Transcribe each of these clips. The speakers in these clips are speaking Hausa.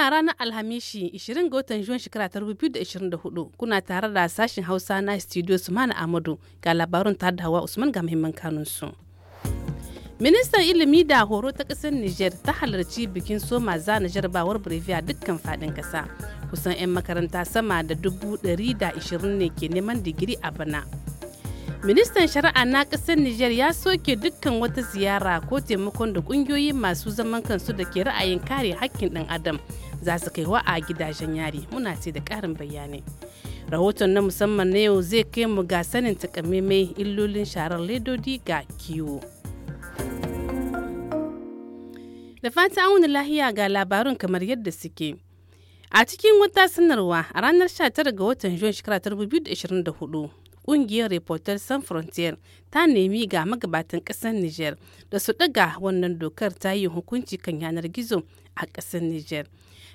Muna ranar Alhamishi 20 ga watan Juwan shekara ta 2024 kuna tare da sashen Hausa na studio Sumana Amadu ga labarun ta da Hawa Usman ga muhimman kanunsu. Ministan ilimi da horo ta ƙasar Nijar ta halarci bikin soma zana jarabawar Brevia dukkan faɗin ƙasa. Kusan 'yan makaranta sama da 120 ne ke neman digiri a bana. ministan shari'a na ƙasar niger ya soke dukkan wata ziyara ko taimakon da ƙungiyoyi masu zaman kansu da ke ra'ayin kare hakkin ɗan adam za su kai wa a gidajen yari muna ce da ƙarin bayani rahoton na musamman na yau zai kai mu ga sanin takamaimai illolin sharar ledodi ga kiwo da fata wani lahiya ga labarun kamar yadda suke a cikin wata sanarwa a ranar 19 ga watan juin shekara 2024 kungiyar reporter sans frontier ta nemi ga magabatan kasar niger da su daga wannan dokar ta yi hukunci kan yanar gizo a kasar niger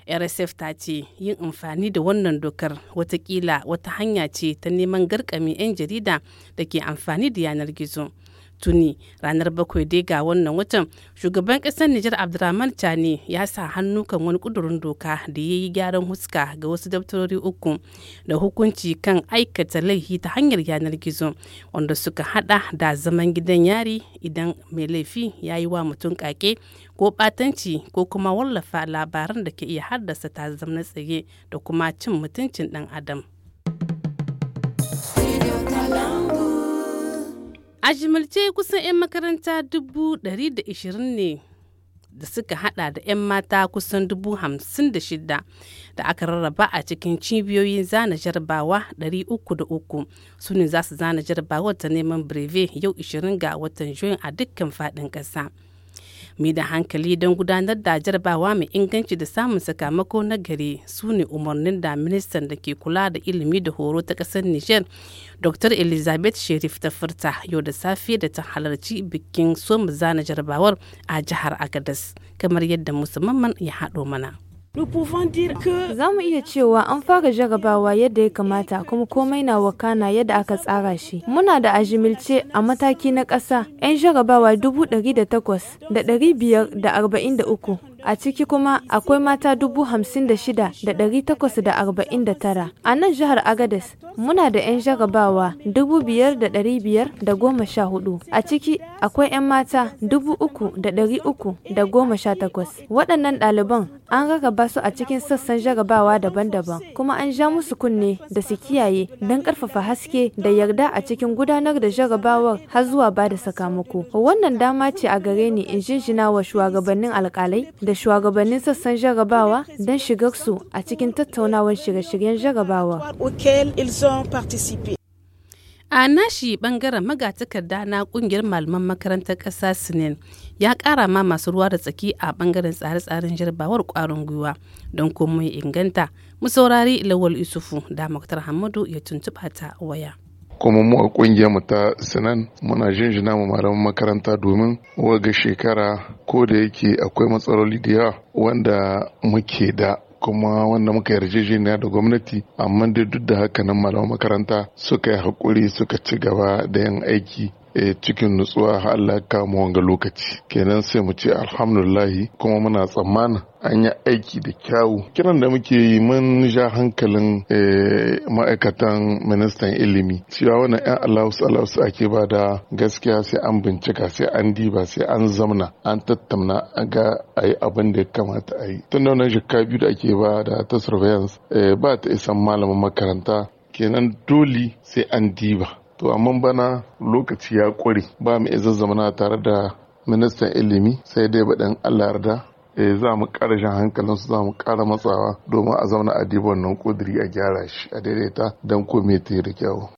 rsf ta ce yin amfani da wannan dokar watakila wata hanya ce ta neman garkami 'yan jarida da ke amfani da yanar gizo. tuni ranar bakwai dai ga wannan watan shugaban ƙasar nijar abdulrahman chani ya sa hannu kan wani ƙudurin doka da ya yi gyaran huska ga wasu daftarori uku da hukunci kan aikata laifi ta hanyar yanar gizo wanda suka hada da zaman gidan yari idan mai laifi ya yi wa mutum kake ko batanci ko kuma wallafa labaran da ke iya haddasa ta zama tsaye da kuma cin mutuncin dan adam. A jimilce kusan 'yan makaranta 120 ne da suka hada da 'yan mata kusan 56 da aka rarraba a cikin cibiyoyin zana jarabawa 303 su ne za su zana jarabawa ta neman breve yau 20 ga watan juyin a dukkan fadin ƙasa. mai da hankali don gudanar da jarabawa mai inganci da samun sakamako na gari su ne umarnin da ministan da ke kula da ilimi da horo ta kasar niger dr elizabeth sherif ta furta yau da safe da ta halarci bikin soma zana jarabawar a jihar agadas kamar yadda musamman ya haɗo mana Za mu iya cewa an fara jarabawa yadda ya kamata kuma komai na wakana yadda aka tsara shi. Muna da ajimilce a mataki na ƙasa 'yan jarabawa uku. a ciki kuma akwai mata dubu hamsin da shida da ɗari takwas da arba'in da tara. A nan jihar Agades muna da 'yan jarabawa dubu biyar da ɗari biyar da goma sha hudu. A ciki akwai 'yan mata dubu uku da ɗari uku da goma sha takwas. Waɗannan ɗaliban an rarraba su a cikin sassan jarabawa daban-daban kuma an ja musu kunne da su kiyaye don ƙarfafa haske da yarda a cikin gudanar da jarabawar har zuwa ba da sakamako. Wannan dama ce a gare ni in jinjina wa shugabannin alƙalai da shugabannin sassan jarabawa don su a cikin tattaunawar shirye-shiryen jarabawa. a nashi bangaren magatakarda na kungiyar malaman makarantar kasa sinin ya kara ma masu ruwa da tsaki a bangaren tsare-tsaren jarabawar kwarin gwiwa don komai inganta mu saurari lawal isufu da maktar hamadu ya tuntuɓa ta waya kuma mu a kungiyar mu ta sinan muna jinjina mu malaman makaranta domin waga shekara ko da yake akwai matsaloli da yawa wanda muke da kuma wanda muka yarjejeniya da gwamnati amma duk da haka nan malaman makaranta suka yi haƙuri suka ci gaba da yin aiki Eh, cikin nutsuwa har Allah kama wanga lokaci kenan sai mu ce alhamdulillahi kuma muna tsammanin an yi aiki da kyawu kiran da muke yi mun ja hankalin eh, ma'aikatan ministan ilimi cewa wannan 'yan ala'usu ala'usu ake ba da gaskiya sai an bincika sai an diba sai an zamna an tattauna ga a yi abin da ya kamata a yi tun da wannan shekka biyu da ake ba da ta surveillance eh, ba ta isan malamin makaranta kenan dole sai an diba to amma bana lokaci ya kware ba mu iya zazzamana tare da ministan ilimi sai dai baɗin allah yarda eh, za mu ƙara shan hankalin su za mu ƙara matsawa domin a zauna a diba wannan ƙudiri a gyara shi a daidaita don kome ta yi da kyau.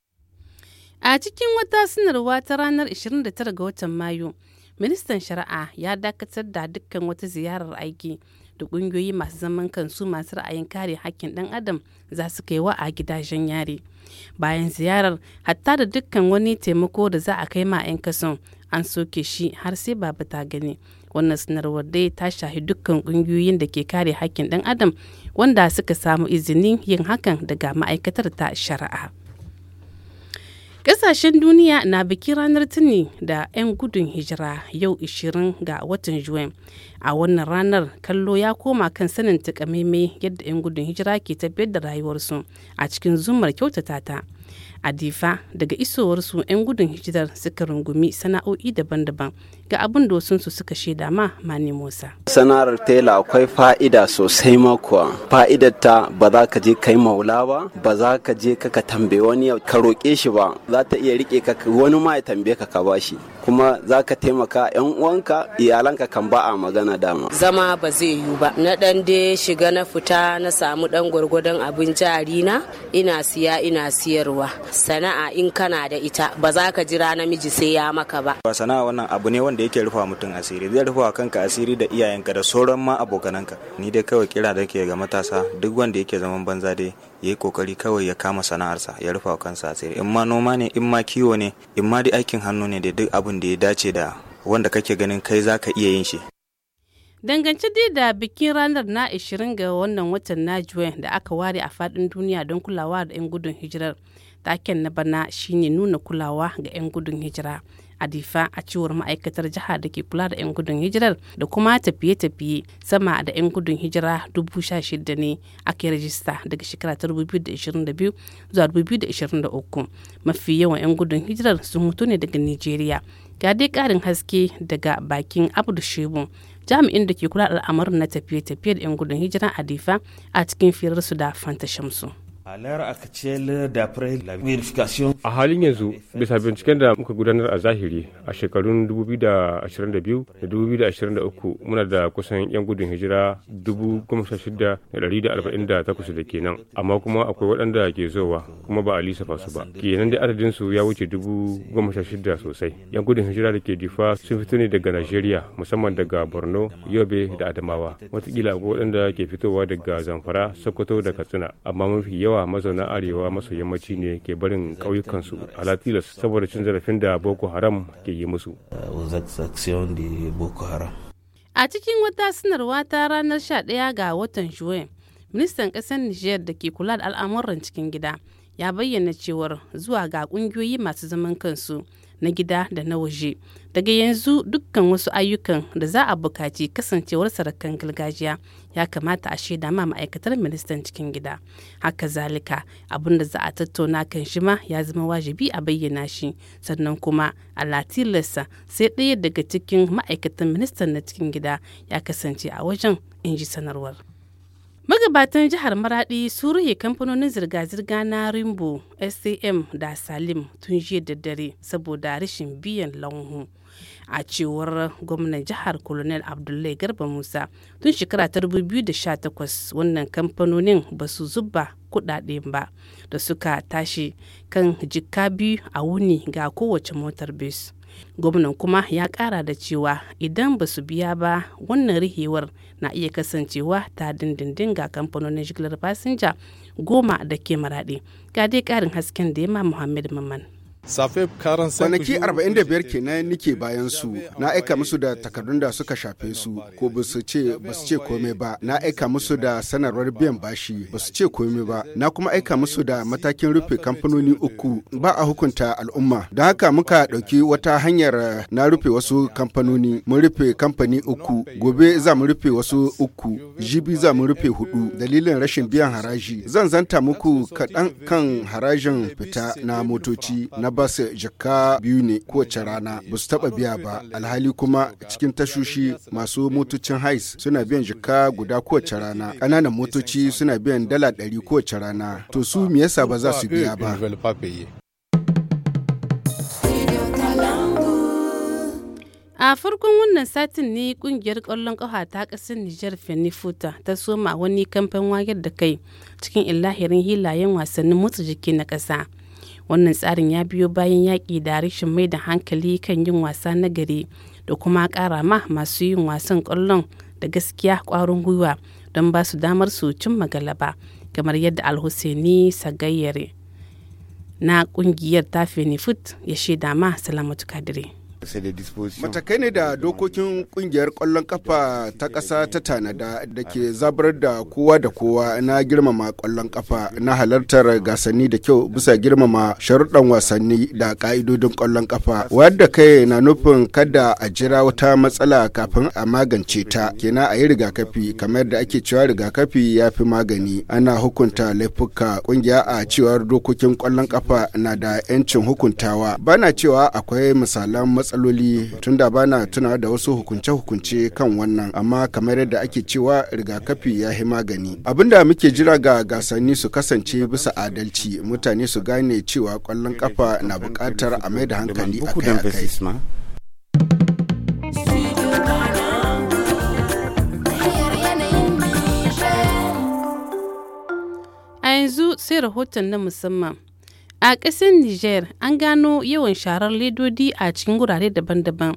a cikin wata sanarwa ta ranar 29 ga watan mayu ministan shari'a ya dakatar da dukkan wata ziyarar aiki da ƙungiyoyi masu zaman kansu masu ra'ayin kare hakkin ɗan adam za su kai wa a gidajen yare bayan ziyarar hatta da dukkan wani taimako da za a kai ma 'yan kason an soke shi har sai babu ta gani wannan sanarwar dai ta shahi dukkan ƙungiyoyin da ke kare hakkin ɗan adam wanda suka samu izinin yin hakan daga ma'aikatar ta shari'a. Ƙasashen duniya na biki ranar tuni da 'yan gudun hijira yau 20 ga watan Juwan. A wannan ranar kallo ya koma kan sanin takamaimai yadda 'yan gudun hijira ke tafiyar da rayuwarsu a cikin zumar kyautata ta. adifa difa daga su 'yan gudun hijirar suka rungumi sana'o'i daban-daban ga abin da wasu su suka shaida ma mani musa sana'ar tela akwai fa'ida sosai makuwa fa'idar ta ba za ka je kai maula ba ba za ka je ka tambaye wani ka roƙe shi ba za ta iya rike ka wani ma ya tambaye ka ka bashi kuma za ka taimaka 'yan uwanka iyalanka kan ba a magana dama zama ba zai yiwu ba na dan shiga na fita na samu dan gwargwadon abin jari na ina siya ina siyarwa sana'a in kana da ita ba za ka jira namiji sai ya maka ba ba sana'a wannan abu ne wanda yake rufa mutum asiri zai rufa kanka asiri da iyayenka da sauran ma abokananka ni dai kawai kira da ke ga matasa duk wanda yake zaman banza dai ya yi kokari kawai ya kama sana'arsa ya rufa kansa asiri in ma noma ne in ma kiwo ne in ma dai aikin hannu ne da duk abin da ya dace da wanda kake ganin kai za ka iya yin shi dangance dai da bikin ranar na 20 ga wannan watan na da aka ware a faɗin duniya don kulawa da 'yan gudun hijirar taken na bana shine nuna kulawa ga 'yan gudun hijira adifa a cewar ma'aikatar jiha da ke kula da 'yan gudun hijirar da kuma tafiye-tafiye sama da 'yan gudun hijira 16,000 ne ake rajista daga shekara ta 2022 zuwa 2023 mafi yawan 'yan gudun hijirar sun mutu ne daga nigeria ga dai karin haske daga bakin abdu shebu jami'in da ke kula da al'amarin na tafiye-tafiye da 'yan gudun hijira adifa a cikin firarsu da fanta shamsu. A halin yanzu bisa binciken da muka gudanar a zahiri a shekarun 2022 da 2023 muna da kusan 'yan gudun hijira 16,148 da kenan amma kuma akwai waɗanda ke zowa kuma ba a lisa su ba kenan dai adadin su ya wuce 16,000 sosai 'yan gudun hijira da ke difa sun fito ne daga Najeriya musamman daga Borno Yobe da Adamawa watakila akwai waɗanda ke fitowa daga Zamfara Sokoto da Katsina amma mafi yawa yawa mazauna arewa maso yammaci ne ke barin ƙauyukansu a latilas saboda cin zarafin da boko haram ke yi musu a cikin wata sanarwa ta ranar 11 ga watan juwe ministan ƙasar niger da ke kula da al'amuran cikin gida ya bayyana cewar zuwa ga ƙungiyoyi masu zaman kansu na gida da na waje daga yanzu dukkan wasu ayyukan da za a bukaci kasancewar sarakan gargajiya ya kamata a shaida ma ma'aikatar ministan cikin gida haka zalika abin da za a tattauna kan shi ma ya zama wajibi a bayyana shi sannan kuma a latilarsa sai ɗaya daga cikin ma'aikatan ministan na cikin gida ya kasance a wajen in ji sanarwar magabatan jihar maradi su ruhe kamfanonin zirga-zirga na rimbo scm da salim tun jiya da dare saboda rashin biyan lanhu a cewar gwamnan jihar colonel abdullahi garba musa tun shekara ta 2018 wannan kamfanonin ba su zuba kudade ba da suka tashi kan jika biyu a wuni ga kowace motar base gwamnan kuma ya kara da cewa idan ba su biya ba wannan rihewar na iya kasancewa ta dindindin ga kamfanonin jigilar fasinja goma da ke maraɗe ga dai ƙarin hasken da ya ma muhammed maman kwanaki 45 kenan nike bayan su na aika musu da takardun da suka shafe su ko ba su ce ba ce komai ba na aika musu da sanarwar biyan bashi basu ce komai ba na kuma aika musu da matakin rufe kamfanoni uku ba a hukunta al'umma da haka muka ɗauki wata hanyar na rufe wasu kamfanoni mun rufe kamfani uku gobe za mu rufe wasu uku jibi za mu rufe hudu dalilin rashin biyan haraji zan zanta muku kaɗan kan harajin fita na motoci na bas jaka biyu ne kowace rana ba su taɓa biya ba alhali kuma cikin tashoshi masu motocin hais suna biyan jaka guda kowace rana ƙananan motoci suna biyan dala ɗari kowace rana to su me yasa ba za su biya ba a farkon wannan satin ne kungiyar kwallon kafa ta kasar nijar fenifuta ta soma wani kamfan wayar da kai cikin illahirin hilayen wasannin motsa jiki na kasa. wannan tsarin ya biyo bayan yaƙi da rashin mai da hankali kan yin wasa na gari da kuma ƙara ma masu yin wasan ƙwallon da gaskiya ƙwarin gwiwa don ba su damar su cimma galaba kamar yadda alhussaini sagayyare na ƙungiyar tafe ya shaida ma salamatu kadire Matakai ne da dokokin kungiyar kwallon kafa ta ƙasa ta tanada da ke zabar da kowa da kowa na girmama kwallon kafa na halartar gasanni da kyau bisa girmama sharuɗan wasanni da ƙa'idodin kwallon kafa. Wadda kai na nufin kada a jira wata matsala kafin a magance ta kenan a yi rigakafi kamar da ake cewa rigakafi ya fi magani. Ana hukunta laifuka kungiya a cewar dokokin kwallon kafa na da 'yancin hukuntawa. Bana cewa akwai misalan matsala matsaloli tunda bana tuna da wasu hukunce-hukunce kan wannan amma kamar yadda ake cewa rigakafi ya yi magani abinda muke jira ga gasanni su kasance bisa adalci mutane su gane cewa kwallon kafa na bukatar a mai da hankali a kai. a yanzu sai rahoton na musamman A ƙasar niger an gano yawan sharar ledodi a cikin wurare daban-daban.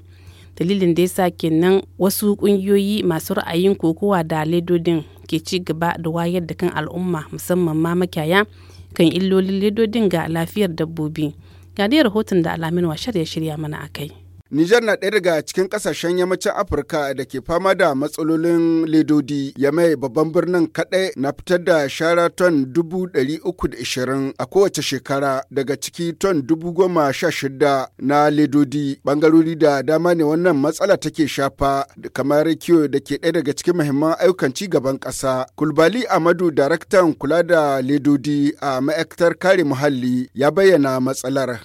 Dalilin da yasa kenan wasu ƙungiyoyi masu ra'ayin kokowa da ledodin ke ci gaba da wayar da kan al'umma musamman ma makiyaya kan illolin ledodin ga lafiyar dabbobi. Ga rahoton da alamin washar ya shirya mana akai. Nijar na ɗaya daga cikin ƙasashen yammacin Afirka da ke fama da matsalolin ledodi ya mai babban birnin kaɗai na fitar da shara ton 320 a kowace shekara daga ciki ton 16,000 na ledodi bangarori da dama ne wannan matsala take shafa kamar kiwo da ke ɗaya daga cikin muhimman ayyukan gaban ƙasa. Kulbali Amadu daraktan kula da ledodi a ma'aikatar kare muhalli ya bayyana matsalar.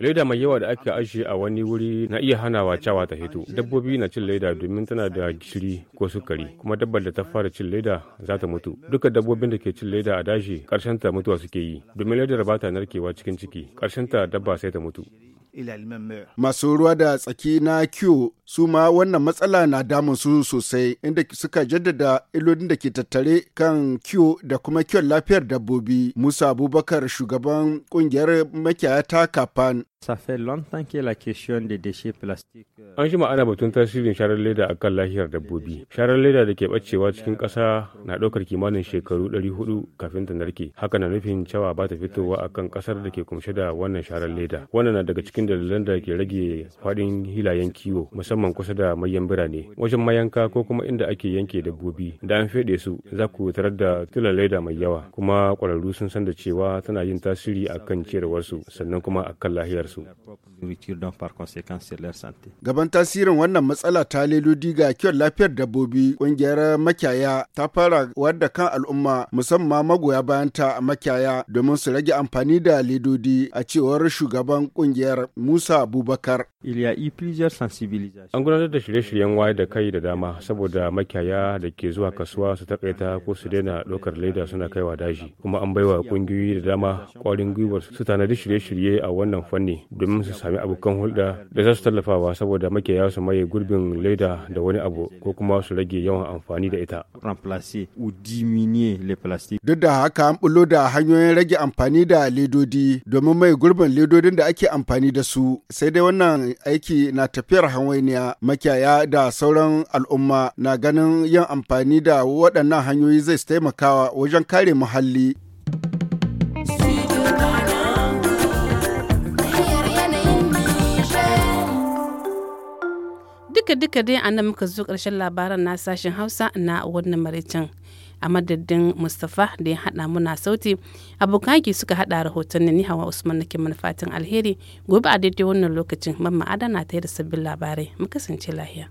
Leda leda mai yawa da ake ajiye a wani wuri na iya hanawa cawa ta hito dabbobi na cin leda domin tana da gishiri ko sukari kuma dabbar da ta fara cin leda za ta mutu duka dabbobin da ke cin leda a daji karshen ta mutuwa suke yi domin ledar ba ta narkewa cikin ciki karshen ta dabba sai ta mutu Masu ruwa da tsaki na Q su ma wannan matsala na damun su sosai inda suka jaddada ilolin da ke tattare kan Q da kuma kiwon lafiyar dabbobi. Musa Abubakar shugaban kungiyar makiyaya ta Kafan Euh, an jima ana batun tasirin sharar leda a kan lahiyar dabbobi. Sharar leda da ke ɓacewa cikin ƙasa na ɗaukar kimanin shekaru 400 kafin ta narke. Haka na nufin cewa ba ta fitowa a kan ƙasar da ke kumshe da wannan sharar leda. Wannan na daga cikin dalilan da ke rage faɗin hilayen kiwo musamman kusa da mayan birane. Wajen mayanka ko kuma inda ake yanke dabbobi da an feɗe su za ku tarar da tilar leda mai yawa kuma ƙwararru sun san da cewa tana yin tasiri a kan ciyarwarsu sannan kuma a kan lahiyarsu. su don Gaban tasirin wannan matsala ta lelodi ga kyau lafiyar dabbobi kungiyar makiyaya ta fara wadda kan al'umma musamman magoya bayan ta makiyaya domin su rage amfani da ledodi a cewar shugaban kungiyar Musa Abubakar. An gudanar da shirye-shiryen wayar da kai da dama saboda makiyaya da ke zuwa kasuwa su takaita ko su daina ɗaukar leda suna kaiwa daji kuma an baiwa kungiyoyi da dama kwarin gwiwar su tanadi shirye-shirye a wannan fanni domin su sami abokan hulɗa da za su tallafawa saboda makiyaya su maye gurbin leda da wani abu ko kuma su rage yawan amfani da ita. Duk da haka an bullo da hanyoyin rage amfani da ledodi domin mai gurbin ledodin da ake amfani da su sai dai wannan aiki na tafiyar hanwainiya makiyaya da sauran al'umma na ganin yin amfani da waɗannan hanyoyi zai taimakawa wajen kare muhalli. duka duka dai a nan muka zo ƙarshen labaran na sashen hausa na wannan maricin a madadin mustapha da ya haɗa muna sauti abokan ki suka haɗa rahoton ni hawa usman nake fatin alheri gobe a daidai wannan lokacin mamma adana ta da sabbin labarai mu kasance lahiya.